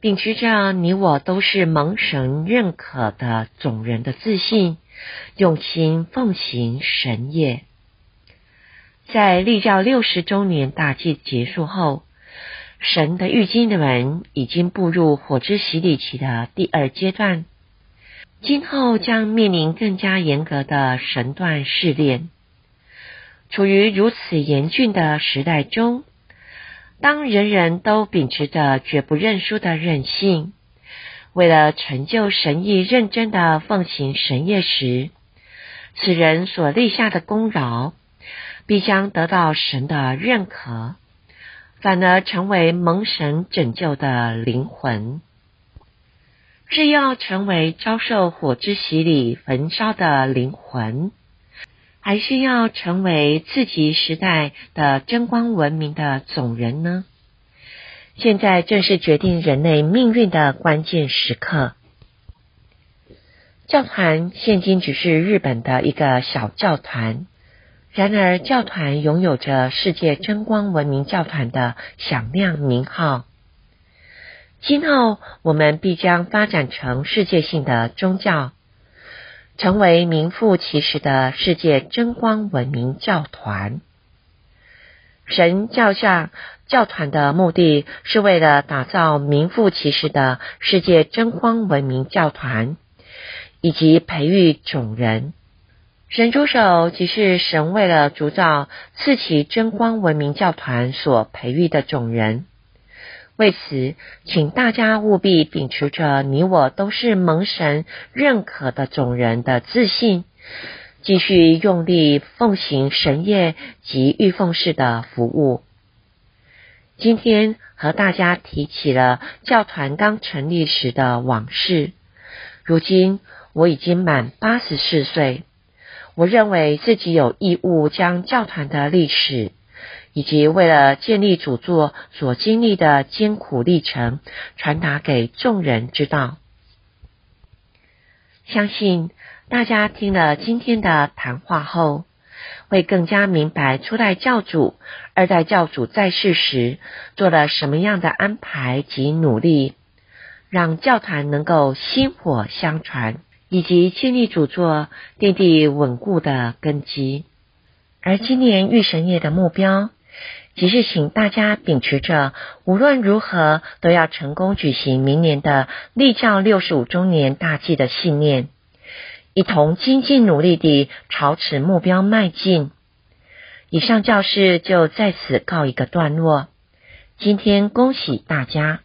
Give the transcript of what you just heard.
秉持着你我都是蒙神認可的種人的自信，用心奉行神業。在立教六十周年大祭結束後，神的浴巾的人們已經步入火之洗禮期的第二階段，今後將面臨更加嚴格的神斷試煉。處於如此嚴峻的時代中。當人人都秉持着絕不認輸的韌性，為了成就神意認真的奉行神業時，此人所立下的功勞，必將得到神的認可，反而成為蒙神拯救的靈魂，是要成為遭受火之洗禮焚燒的靈魂，還是要成為自己時代的真光文明的種人呢？現在正是決定人類命運的關鍵時刻。教團現今只是日本的一個小教團，然而教團擁有着世界真光文明教團的響亮名號。今後我們必將發展成世界性的宗教。成為名副其實的世界真光文明教團。神教下教團的目的，是為了打造名副其實的世界真光文明教團，以及培育種人。神助手即是神為了鑄造次起真光文明教團所培育的種人。為此，請大家務必秉持着“你我都是蒙神認可的種人”的自信，繼續用心奉行神業及御奉式的服務。今天和大家提起了教團剛成立時的往事。如今我已經滿八十四歲，我認為自己有義務將教團的歷史。以及為了建立主座所經歷的艱苦歷程，傳達給眾人知道。相信大家聽了今天的談話後，會更加明白初代教主、二代教主在世時做了什麼樣的安排及努力，讓教團能夠薪火相傳，以及建立主座奠定穩固的根基。而今年御神業的目標。即是請大家秉持着無論如何都要成功舉行明年的立教六十五周年大祭的信念，一同精進努力地朝此目標邁進。以上御教示就在此告一個段落。今天恭喜大家！